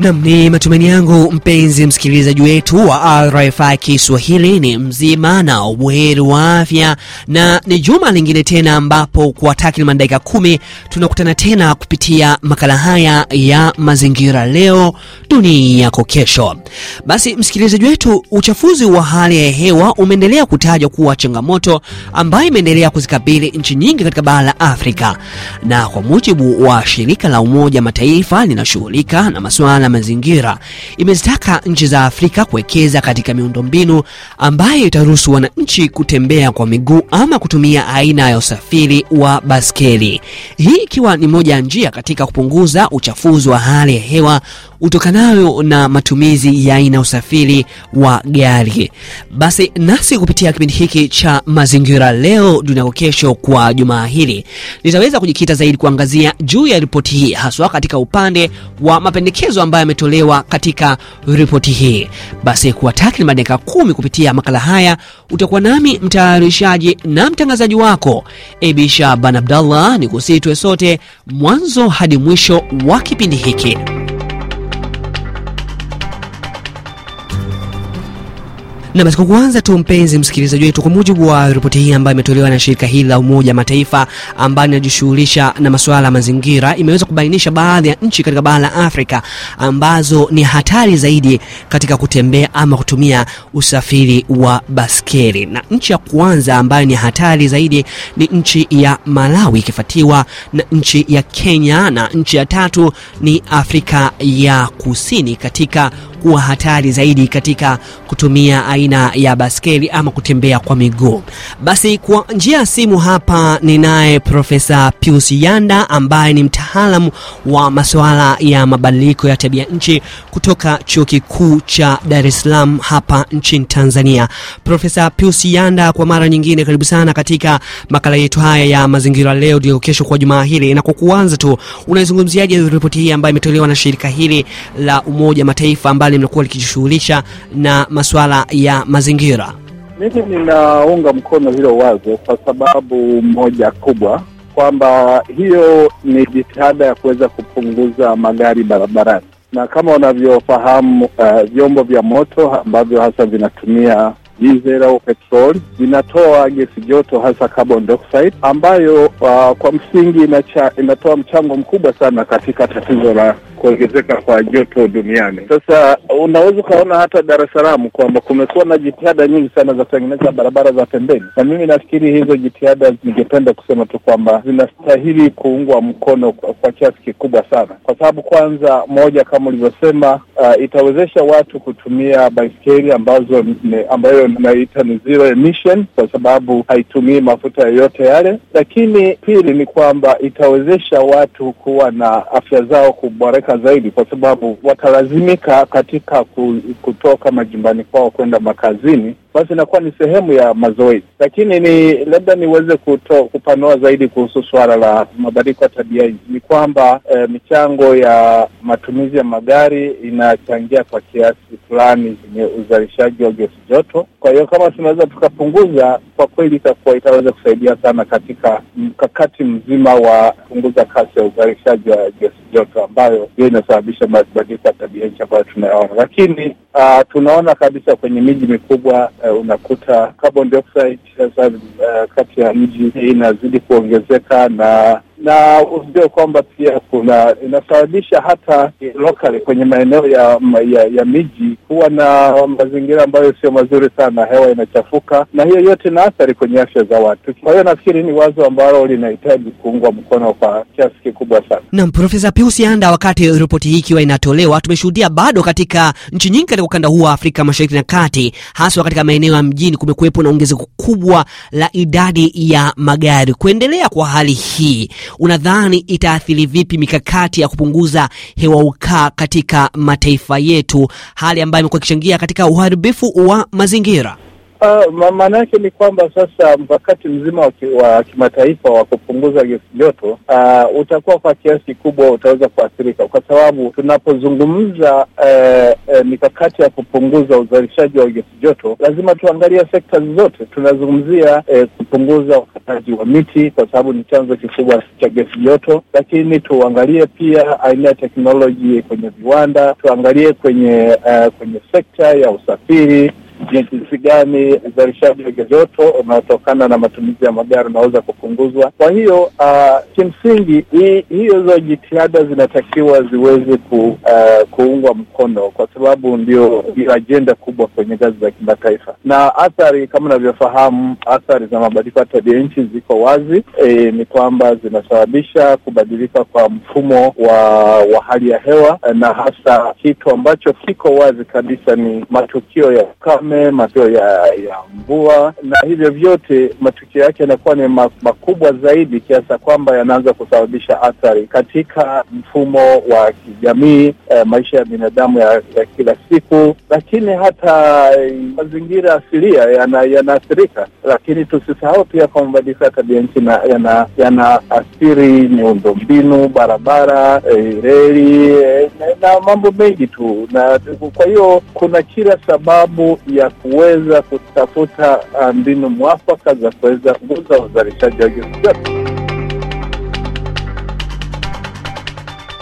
Nam, ni matumaini yangu mpenzi msikilizaji wetu wa RFI Kiswahili ni mzima na ubuheri wa afya, na ni juma lingine tena ambapo kwa takriban dakika kumi tunakutana tena kupitia makala haya ya mazingira, leo dunia yako kesho. Basi msikilizaji wetu, uchafuzi wa hali ya hewa umeendelea kutajwa kuwa changamoto ambayo imeendelea kuzikabili nchi nyingi katika bara la Afrika, na kwa mujibu wa shirika la Umoja Mataifa linashughulika na masuala mazingira imezitaka nchi za Afrika kuwekeza katika miundombinu ambayo itaruhusu wananchi kutembea kwa miguu ama kutumia aina ya usafiri wa baskeli, hii ikiwa ni moja ya njia katika kupunguza uchafuzi wa hali ya hewa utokanayo na matumizi ya aina usafiri wa gari. Basi nasi kupitia kipindi hiki cha Mazingira Leo Dunia Kesho kwa jumaa hili nitaweza kujikita zaidi kuangazia juu ya ripoti hii haswa katika upande wa mapendekezo ambayo ambayo yametolewa katika ripoti hii. Basi kwa takriban dakika kumi kupitia makala haya utakuwa nami mtayarishaji na mtangazaji wako ebisha ban Abdallah, ni kusitwe sote mwanzo hadi mwisho wa kipindi hiki. Na basi kwa kuanza tu, mpenzi msikilizaji wetu, kwa mujibu wa ripoti hii ambayo imetolewa na shirika hili la Umoja Mataifa ambayo inajishughulisha na masuala ya mazingira, imeweza kubainisha baadhi ya nchi katika bara la Afrika ambazo ni hatari zaidi katika kutembea ama kutumia usafiri wa baskeli. Na nchi ya kwanza ambayo ni hatari zaidi ni nchi ya Malawi, ikifuatiwa na nchi ya Kenya, na nchi ya tatu ni Afrika ya Kusini katika kuwa hatari zaidi katika kutumia aina ya baskeli ama kutembea kwa miguu. Basi kwa njia ya simu hapa ninaye Profesa Pius Yanda ambaye ni mtaalamu wa masuala ya mabadiliko ya tabia nchi kutoka Chuo Kikuu cha Dar es Salaam hapa nchini Tanzania. Profesa Pius Yanda, kwa mara nyingine karibu sana katika makala yetu haya ya mazingira leo ndio kesho kwa jumaa hili, na kwa kuanza tu unaizungumziaje ripoti hii ambayo imetolewa na shirika hili la Umoja Mataifa ambayo mbalimbali mlikuwa likijishughulisha na masuala ya mazingira? Mimi ninaunga mkono hilo wazo kwa sababu moja kubwa kwamba hiyo ni jitihada ya kuweza kupunguza magari barabarani, na kama unavyofahamu uh, vyombo vya moto ambavyo hasa vinatumia diesel au petrol vinatoa gesi joto hasa carbon dioxide ambayo uh, kwa msingi inacha, inatoa mchango mkubwa sana katika tatizo la kuongezeka kwa joto duniani. Sasa unaweza ukaona hata Dar es Salaam kwamba kumekuwa na jitihada nyingi sana za kutengeneza barabara za pembeni, na mimi nafikiri hizo jitihada, ningependa kusema tu kwamba zinastahili kuungwa mkono kwa, kwa kiasi kikubwa sana, kwa sababu kwanza, moja kama ulivyosema, uh, itawezesha watu kutumia baiskeli ambazo ne, ambayo naita ni zero emission, kwa sababu haitumii mafuta yoyote yale, lakini pili ni kwamba itawezesha watu kuwa na afya zao kuboreka haraka zaidi, kwa sababu watalazimika katika kutoka majumbani kwao kwenda makazini basi inakuwa ni sehemu ya mazoezi. Lakini ni labda niweze kuto, kupanua zaidi kuhusu suala la mabadiliko ya tabia nchi ni kwamba e, michango ya matumizi ya magari inachangia kwa kiasi fulani kwenye uzalishaji wa gesi joto. Kwa hiyo kama tunaweza tukapunguza, kwa kweli itakuwa itaweza kusaidia sana katika mkakati mzima wa kupunguza kasi ya uzalishaji wa gesi joto, ambayo hiyo inasababisha mabadiliko ya tabia nchi ambayo tunayaona. Lakini uh, tunaona kabisa kwenye miji mikubwa uh, unakuta carbon dioxide uh, kati ya mji inazidi kuongezeka na na ujue kwamba pia kuna inasababisha hata lokali kwenye maeneo ya, ya ya miji huwa na mazingira ambayo sio mazuri sana, hewa inachafuka, na hiyo yote ina athari kwenye afya za watu. Kwa hiyo nafikiri ni wazo ambalo linahitaji kuungwa mkono kwa kiasi kikubwa sana. Naam, Profesa Pius Yanda, wakati ripoti hii ikiwa inatolewa, tumeshuhudia bado katika nchi nyingi katika ukanda huu wa Afrika Mashariki na Kati, haswa katika maeneo ya mjini, kumekuwepo na ongezeko kubwa la idadi ya magari. Kuendelea kwa hali hii unadhani itaathiri vipi mikakati ya kupunguza hewa ukaa katika mataifa yetu, hali ambayo imekuwa ikichangia katika uharibifu wa mazingira? Uh, ah, maana yake ni kwamba sasa mkakati mzima wa, kimataifa wa kupunguza gesi joto uh, utakuwa kwa kiasi kikubwa utaweza kuathirika, kwa sababu tunapozungumza eh, uh, mikakati ya kupunguza uzalishaji wa gesi joto lazima tuangalia sekta zote. Tunazungumzia uh, kupunguza ukataji wa miti kwa sababu ni chanzo kikubwa cha gesi joto, lakini tuangalie pia aina ya teknoloji kwenye viwanda, tuangalie kwenye uh, kwenye sekta ya usafiri ni jinsi gani uzalishaji wa gazoto unaotokana na matumizi ya magari unaweza kupunguzwa. Kwa hiyo uh, kimsingi hizo jitihada zinatakiwa ziweze ku, uh, kuungwa mkono kwa sababu ndio ndio ajenda kubwa kwenye ngazi za kimataifa, na athari kama unavyofahamu, athari za mabadiliko ya tabia nchi ziko wazi. E, ni kwamba zinasababisha kubadilika kwa mfumo wa, wa hali ya hewa na hasa kitu ambacho kiko wazi kabisa ni matukio ya ukame ukame, maziwa ya, ya mvua, na hivyo vyote matukio yake yanakuwa ni makubwa zaidi kiasi kwamba yanaanza kusababisha athari katika mfumo wa kijamii, eh, maisha ya binadamu ya, ya kila siku, lakini hata mazingira asilia yanaathirika yana, lakini tusisahau pia kwa mabadiliko ya tabia nchi yanaathiri yana mbinu, barabara, e, reli e, na mambo mengi tu, na kwa hiyo kuna kila sababu ya kuweza kutafuta uh, mbinu mwafaka za kuweza kukuza uzalishaji wa gesi.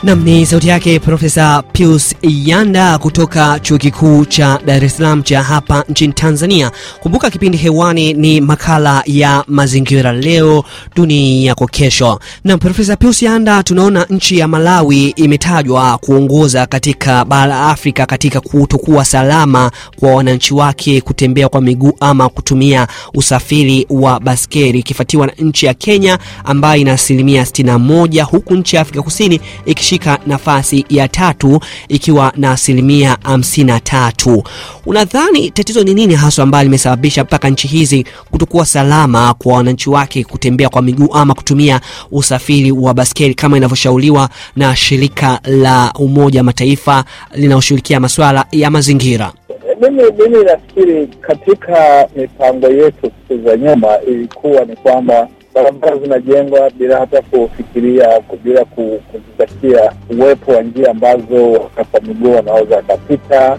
Nam ni sauti yake Profesa Pius Yanda kutoka chuo kikuu cha Dar es Salaam cha hapa nchini Tanzania. Kumbuka kipindi hewani ni makala ya mazingira, leo dunia yako kesho. Na Profesa Pius Yanda, tunaona nchi ya Malawi imetajwa kuongoza katika bara la Afrika katika kutokuwa salama kwa wananchi wake kutembea kwa miguu ama kutumia usafiri wa baskeli, ikifuatiwa na nchi ya Kenya ambayo ina asilimia 61 huku nchi ya Afrika Kusini ameshika nafasi ya tatu ikiwa na asilimia 53. Unadhani tatizo ni nini haswa ambayo limesababisha mpaka nchi hizi kutokuwa salama kwa wananchi wake kutembea kwa miguu ama kutumia usafiri wa baskeli kama inavyoshauriwa na shirika la Umoja Mataifa linaloshughulikia masuala ya mazingira? Mimi mimi nafikiri katika mipango yetu siku za nyuma ilikuwa ni kwamba barabara zinajengwa bila hata kufikiria, bila kuzingatia uwepo wa njia ambazo wakata miguu wanaweza wakapita,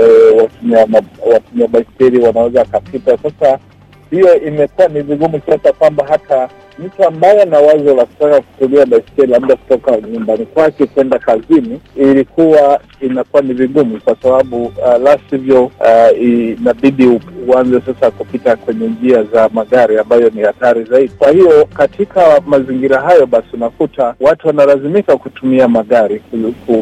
e, watumia baiskeli wanaweza wakapita. Sasa hiyo imekuwa ni vigumu kiasa kwamba hata mtu ambaye ana wazo la kutaka kutumia baiskeli labda kutoka nyumbani kwake kwenda kazini, ilikuwa inakuwa ni vigumu kwa sababu uh, last hivyo uh, inabidi uanze sasa kupita kwenye njia za magari ambayo ni hatari zaidi. Kwa hiyo katika mazingira hayo, basi unakuta watu wanalazimika kutumia magari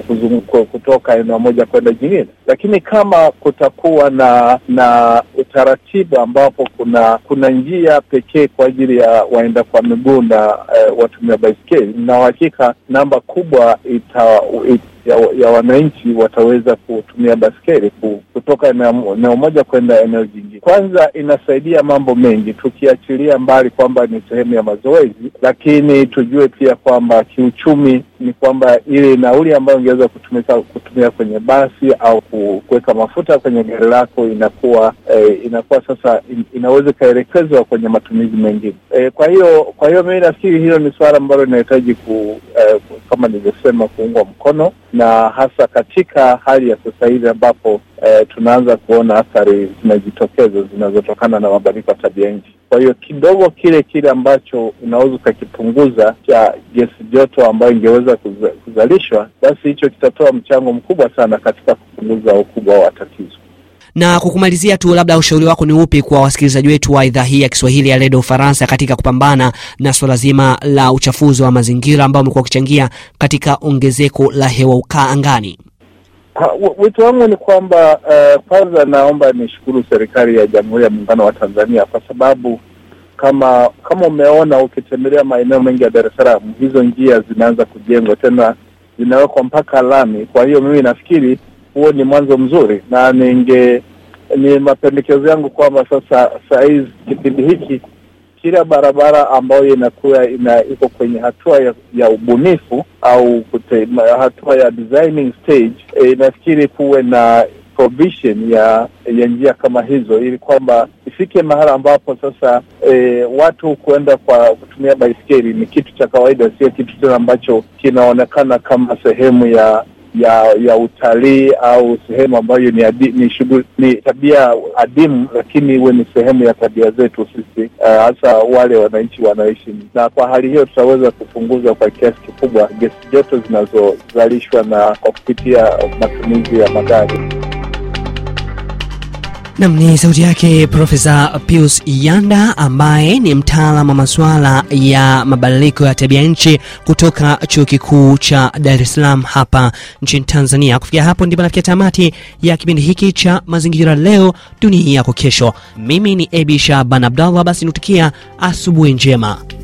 kuzunguka kutoka eneo moja kwenda jingine, lakini kama kutakuwa na na utaratibu ambapo kuna kuna njia pekee kwa ajili ya waenda kwa miguu na uh, watumia baiskeli, na uhakika namba kubwa ita, ita ya, ya wananchi wataweza kutumia baskeli kutoka eneo moja kwenda eneo jingine. Kwanza inasaidia mambo mengi, tukiachilia mbali kwamba ni sehemu ya mazoezi, lakini tujue pia kwamba kiuchumi ni kwamba ile nauli ambayo ingeweza kutumika kutumia kwenye basi au kuweka mafuta kwenye gari lako inakuwa eh, inakuwa sasa in, inaweza ikaelekezwa kwenye matumizi mengine eh, kwa hiyo kwa hiyo mimi nafikiri hilo ni suala ambalo linahitaji ku, eh, ku kama nilivyosema, kuungwa mkono na hasa katika hali ya sasa hivi ambapo e, tunaanza kuona athari zinajitokeza zinazotokana na mabadiliko ya tabia nchi. Kwa hiyo kidogo kile kile ambacho unaweza ukakipunguza cha gesi joto ambayo ingeweza kuzalishwa, basi hicho kitatoa mchango mkubwa sana katika kupunguza ukubwa wa tatizo. Na kukumalizia tu, labda ushauri wako ni upi kwa wasikilizaji wetu wa idhaa hii ya Kiswahili ya redio Ufaransa katika kupambana na swala zima la uchafuzi wa mazingira ambao umekuwa ukichangia katika ongezeko la hewa ukaa angani? Wito wangu ni kwamba eh, kwanza, uh, naomba nishukuru serikali ya Jamhuri ya Muungano wa Tanzania kwa sababu kama kama umeona ukitembelea maeneo mengi ya Dar es Salaam, hizo njia zinaanza kujengwa tena, zinawekwa mpaka lami. Kwa hiyo mimi nafikiri huo ni mwanzo mzuri, na ninge ni mapendekezo yangu kwamba sasa sahizi kipindi hiki kila barabara ambayo inakuwa ina iko kwenye hatua ya, ya ubunifu au kute, hatua ya designing stage e, eh, inafikiri kuwe na provision ya ya njia kama hizo, ili kwamba ifike mahala ambapo sasa e, watu kuenda kwa kutumia baiskeli ni kitu cha kawaida, sio kitu tena ambacho kinaonekana kama sehemu ya ya ya utalii au sehemu ambayo ni adi, ni, shughuli, ni tabia adimu, lakini huwe ni sehemu ya tabia zetu sisi eh, hasa uh, wale wananchi wanaishi, na kwa hali hiyo tutaweza kupunguza kwa kiasi kikubwa gesi joto zinazozalishwa na kwa kupitia matumizi ya magari. Nam ni sauti yake Profesa Pius Yanda ambaye ni mtaalamu wa masuala ya mabadiliko ya tabia nchi kutoka Chuo Kikuu cha Dar es Salaam hapa nchini Tanzania. Kufikia hapo ndipo nafikia tamati ya kipindi hiki cha mazingira leo dunia yako kesho. Mimi ni Abi Shaban Abdallah, basi nutikia asubuhi njema.